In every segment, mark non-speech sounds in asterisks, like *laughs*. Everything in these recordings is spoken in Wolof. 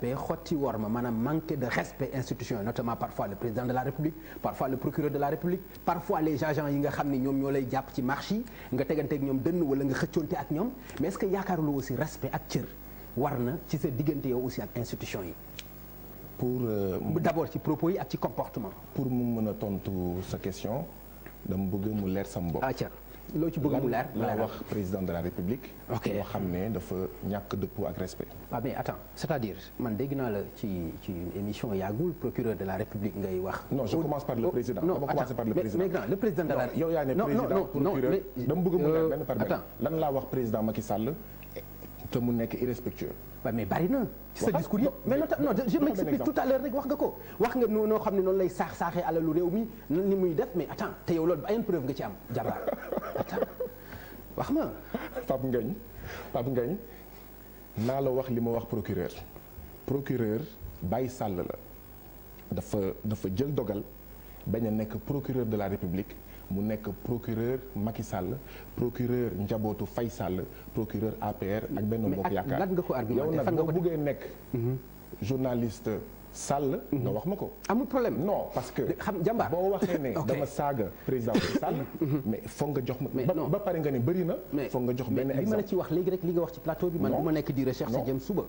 jàppee xotti war ma maanaam manque de respect institution notamment parfois le président de la république parfois le procureur de la république parfois les agents yi nga xam ne ñoom ñoo lay jàpp ci marché yi nga tegante ak ñoom dënn wala nga xëccoonte ak ñoom mais est-ce que yaakaaruloo aussi respect ak cër war na ci sa diggante yow aussi ak institution yi pour euh, d'abord ci propos yi ak ci comportement pour mu mën a tontu sa question dama bëgg mu leer sam bopp ah, loo ci bëgg mu leer wax président de la république. ok xam ne dafa ñàkk dëppoo ak respect. waaw mais attends c'est-à-dire man dégg naa la ci ci émission yàggul procureur de la république ngay wax. non je commence par le président. non attends mais grand le président de président procureur dama bëgg euh, wax président Macky Sall. te mu nekk irrespectueux. waaw mais bari na. ci sa discours yëpp mais non je m'explique tout à l'heure rek wax nga ko. wax nga noo xam ne noonu lay saax saaxee alalu réew mi ni muy def mais attends te yow loolu ayen preuve nga ci am jabar *laughs* wax ma. fab ngañ fab ngañ naa la wax li ma wax procureur procureur bàyyi Sall la dafa dafa jël dogal bañ a nekk procureur de la République. mu nekk procureur Macky Sall procureur njabootu fay Sall procureur APR ak benn mbokk yaakaar lan nga ko argumenté yow nag boo buggee nekk mhm. journaliste Sall nga mhm. wax ma ko amul problème non parce que xam jàmbaar boo waxee ne *laughs* dama saaga président Sall *laughs* mhm. mais foog nga jox ma ba pare nga ne bëri na foog nga jox benn exemple li ma wax léegi rek li nga wax ci plateau bi man du ma nekk di recherche suba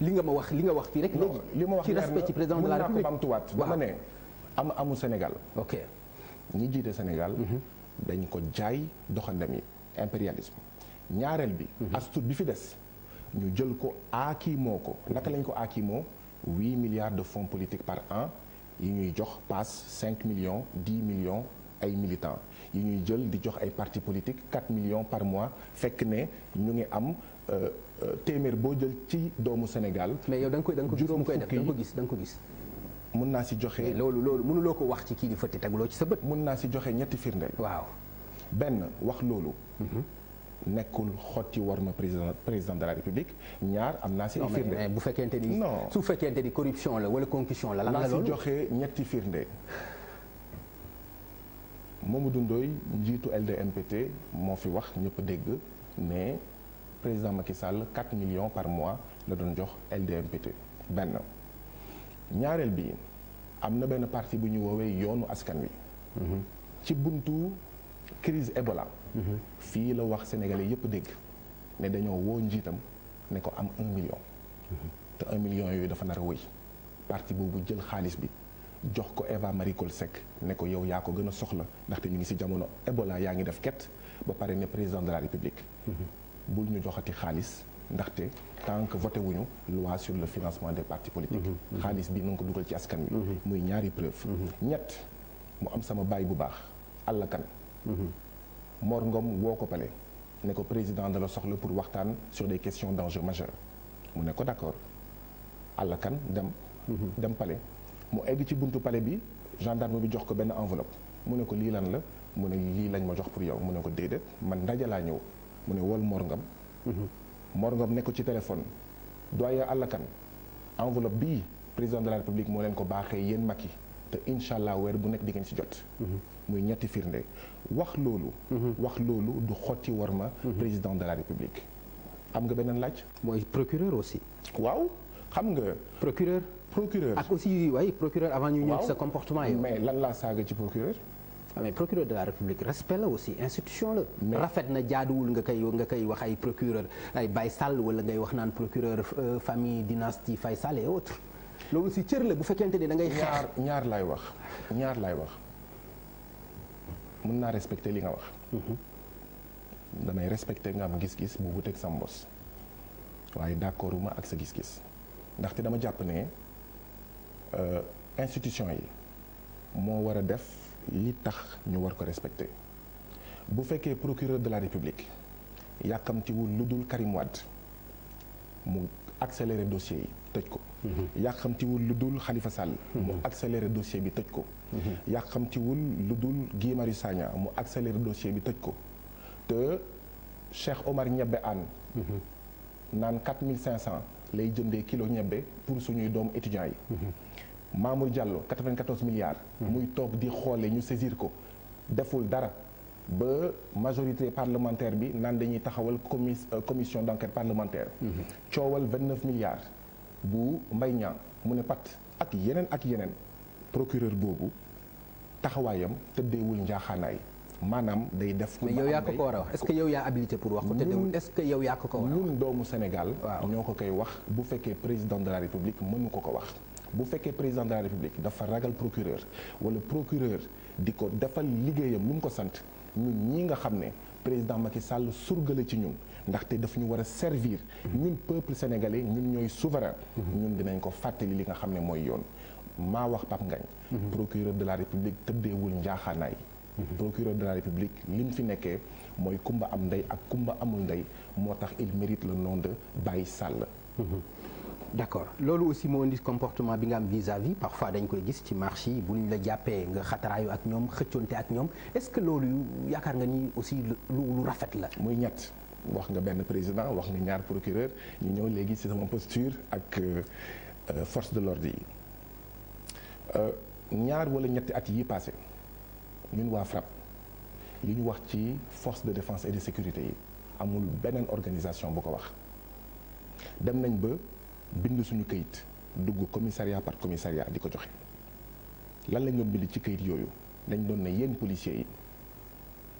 li nga ma wax li nga wax fii rek léegi li ma wax ci respect ci président de la république mën naa ko ne am amul Sénégal ñi jiite Sénégal mhm. dañ ko jaay doxandam yi impérialisme ñaareel bi mhm. astur bi fi des ñu jël ko aakimoo ko naka lañ ko aakimoo huit milliards de fonds politiques par an yi ñuy jox passe cinq millions dix millions ay militants yi ñuy jël di jox ay parti politiques quatre millions par mois fekk ne ñu ngi am euh, euh, téeméer boo jël ci doomu Sénégal mais yow da nga koy da nga ko gis da ko gis mun naa si joxe. loolu loolu mënuloo ko wax ci kii di fëtti teguloo ci sa bët. mun naa si joxe ñetti firnde. waaw benn wax loolu. Mhm. nekkul xotti war na président président de la république ñaar am naa si ay firnde. bu fekkente ni non su fekkente ni corruption la wala concussion la. la loolu joxe ñetti firnde. Mamadou Ndoye njiitu LDMPT moo fi wax ñëpp dégg ne président Macky Sall 4 million par mois la doon jox LDMPT benn ñaareel bi am na benn partie bu ñu woowee yoonu askan wi. Mhm. ci buntu crise Ebola. Mhm. fii la wax sénégalais yëpp dégg ne dañoo woo njiitam ne ko am un million. Mhm. te un million yooyu dafa nar a wëy parti boobu jël xaalis bi jox ko Eva Marie Coll Seck ne ko yow yaa ko gën a soxla ndaxte ñu ngi si jamono Ebola yaa ngi def ket ba pare ne président de la république. bul ñu joxati xaalis. ndaxte tant que voté wuñu loi sur le financement des partis politiques mhm. xaalis bi na ko dugal ci askan wi mhm. muy ñaari preuve mhm. ñett mu am sama baay bu baax àll kan Mor Ngom woo ko pale ne ko président de soxla pour waxtaan sur des questions d'enjeu majeur mu ne ko d'accord àll kan dem dem pale mu egg ci buntu pale bi gendarme bi jox ko benn enveloppe mu ne ko lii lan la mu ne lii lañ ma jox pour yow mu ne ko déedéet man ndaje laa ñëw mu ne wol Mor Ngom Mor Ngom nekk ci téléphone doyen Alla Kane enveloppe bii président de la république moo leen ko baaxee yéen mag yi te incha allah weer bu nekk di si ci jot. Mhm. muy ñetti firnde wax loolu. Mhm. wax loolu du xotti war ma. Mhm. président de la république. am nga beneen laaj. mooy procureur aussi. waaw xam nga. procureur procureur ak aussi waaye procureur avant ñu ñëw ci sa comportement yi. mais lan laa saaga ci procureur. Ah, mais procureur de la république respect la aussi institution la. rafet na jaaduwul nga koy nga koy wax ay procureur ay Baye Sall wala ngay wax naan procureur euh, famille dynastie Faye Sall et autres loolu si cër la bu fekkente ni da ngay. xeex ñaar laay wax ñaar laay wax mën naa respecter li nga wax. Mhm. damay respecter nga am gis-gis bu wuteeg sa mbos waaye d'accorduma ak sa gis-gis ndaxte dama jàpp ne euh, institution yi moo war a def. li tax ñu war ko respecter bu fekkee procureur de la république yàkkamtiwul lu dul Karim Wade mu accélérer dossier yi tëj ko mm-hmm. yàkkamtiwul lu dul Khalifa Sall mu mm-hmm. accélérer dossier bi tëj ko mm-hmm. yàkkamtiwul lu dul Guy Marius Sagna mu accélérer bi tëj ko te Cheikh Omar ñebbe aan naan 4500 lay jëndee kilo ñebbe pour suñuy doomu étudiants yi Mamour Diallo 94 milliards. Hmm. muy toog di xoole ñu saisir ko. deful dara ba majorité parlementaire bi naan dañuy taxawal comi euh, commission d'enquête parlementaire. Hmm. coowal 29 milliards. bu mbay ñaa mu ne pat ak yeneen ak yeneen. procureur boobu taxawaayam tëddeewul njaaxaanaay. maanaam day def. mais yow yaa ko ko war a wax est-ce que yow yaa habilité pour ko que yow yaa ko ko war a wax. doomu Sénégal. ñoo ko koy wax bu fekkee président de la République mënu ko ko wax. bu fekkee président de la république dafa ragal procureur wala procureur di ko defal liggéeyam lu ko sant ñun ñi nga xam ne président Macky Sall surgale ci ñun ndaxte daf ñu war a servir ñun peuple sénégalais ñun ñooy souverain ñun dinañ ko fàttali li nga xam ne mooy yoon maa wax Pape Ngagne procureur de la république tëddeewul njaaxaanaay procureur de la république li mu fi nekkee mooy kumba am ndey ak kumba amul ndey moo tax il mérite le nom de Baye d'accord loolu aussi moo indi comportement bi nga am vis-à-vis parfois dañ koy gis ci marché yi bu ñu la jàppee nga xataraayu ak ñoom xëccoonte ak ñoom est-ce que loolu yaakaar nga ni aussi lu rafet la. muy ñett wax nga benn président wax nga ñaar procureur ñu ñëw léegi ci sama posture ak euh, force de l'ordre yi euh, ñaar wala ñetti at yi passé ñun waa FRAPP li ñu wax ci force de défense et de sécurité yi amul beneen organisation bu ko wax dem nañ ba. bind suñu kayit dugg commissariat par commissariat di ko joxe lan la ñu bind ci kayit yooyu dañ doon ne yéen policiers yi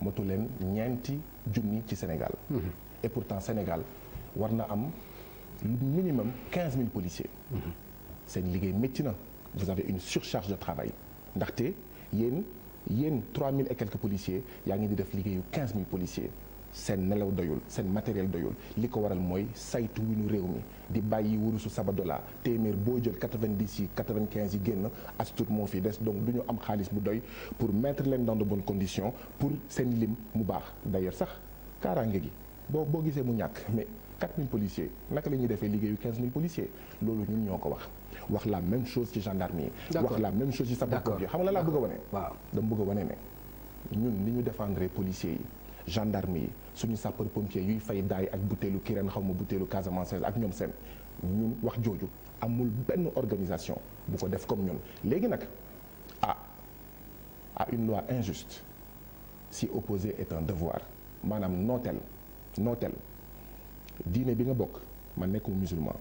matu leen ñeenti junni ci Sénégal. Mhm. et pourtant Sénégal war na am lu minimum quinze mille policiers. Mhm. seen liggéey métti na vous avez une surcharge de travail ndaxte yéen yéen trois mille et quelques policiers yaa ngi di def liggéeyu quinze mille seen nelaw doyul seen matériel doyul li ko waral mooy saytu wi nu réew mi di bàyyi wurusu sabadola téeméer boo jël 90 yi 95 yi génn astut moo fi des donc du ñu am xaalis bu doy pour mettre leen dans de bonnes conditions pour seen lim mu baax d'ailleurs sax kaaraange gi boo boo gisee mu ñàkk mais 4000 policiers naka la ñuy defee liggéeyu 15000 policiers loolu ñun ñoo ko wax wax la même chose ci gendarmerie wax la même chose ci sapeurs-pompiers xam nga la laa bëgg a wane dama bëgg a wane ne ñun ni ñu défendre policiers yi gendarme yi suñu sapeur pompier yuy fay daay ak butéelu kireen xaw ma butéelu Casamance ak ñoom seen ñu wax jooju amul benn organisation bu ko def comme ñun léegi nag ah à ah, une loi injuste s'y opposer est un devoir maanaam nooteel nooteel diine bi nga bokk ma nekk musulman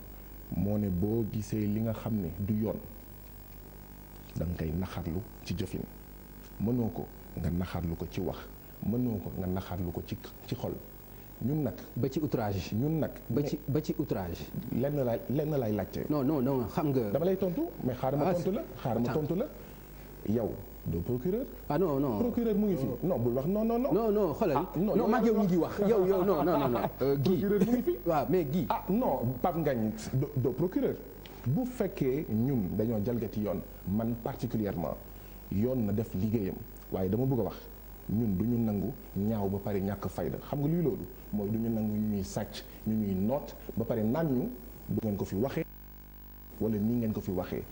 moo ne boo gisee li nga xam ne du yoon da koy naxarlu ci jëfin mënoo ko nga naxarlu ko ci wax mënoo ko nga naxarlu ko ci ci xol ñun nag. ba ci outrage. ñun nag ba ci ba ci outrage. lenn laay lenn laay laajte. non non non xam nga. dama lay tontu mais xaar ma ah, tontu la. xaar ma la yow. doo procureur. ah non procureur mu ngi fi. non bul wax non non non. non non xoolal ah, wax yow yow non non non. non. *laughs* Euh, Guy procureur *laughs* mais Guy. ah non Pape bu fekkee ñun dañoo jalgati yoon man particulièrement yoon na def liggéeyam waaye dama bëgg a wax. ñun du ñu nangu ñaaw ba pare ñàkk fayda xam nga luy loolu mooy du ñu nangu ñu ñuy sàcc ñu ñuy noot ba pare naan ñu du ngeen ko fi waxee wala nii ngeen ko fi waxee.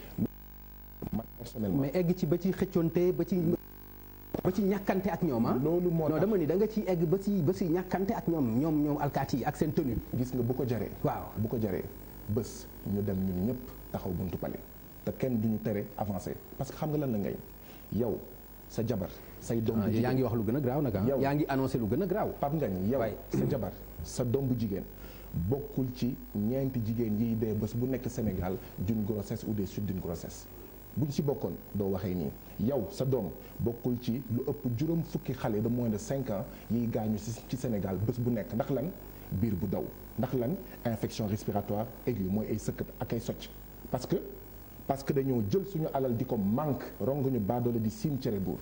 man personnellement mais egg ci ba ci xëccoonte ba ci. ba ci ñàkkante ak ñoom ah. loolu moo tax non dama da nga ciy egg ba ci ba ci ñàkkante ak ñoom ñoom ñoom alkaati yi ak seen tenue. gis nga bu ko jaree. waaw bu ko jaree bés ñu dem ñun ñëpp taxaw buntu pale te kenn du ñu tere avancé parce que xam nga lan la ngay yow. sa jabar say doom ah, bu jigéen yaa ngi wax lu gën a graaw nag ah. yow yaa ngi annoncé lu gën a graaw Pape Ngagne yow sa jabar sa doom bu jigéen bokkul ci ñeenti jigéen yiy dee bés bu nekk Sénégal d'une grossesse ou des suites d'une grossesse buñ ci bokkoon doo waxee nii yow sa doom bokkul ci lu ëpp juróom fukki xale de moins de cinq ans yiy gaañu ci Sénégal bés bu nekk ndax lan biir bu daw ndax lan infection respiratoire aiguë mooy ay sëkkat ak ay socc parce que parce que dañoo jël suñu alal di ko manque ronguñu baadoole di siim cere buur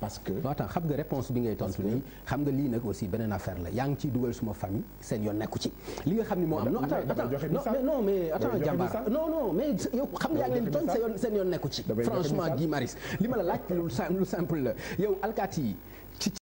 parce que non attends xam nga réponse bi ngay tontu nii xam nga lii nag aussi beneen affaire la yaa ngi ciy dugal suma famille seen yoon nekku ci li nga xam ni moo am non attends non mais attends jàmbaar non mais xam nga yaa ngi leen seen yoon seen yoon nekku ci franchement Guy Marius li ma la laaj lu simple la yow alkaati yi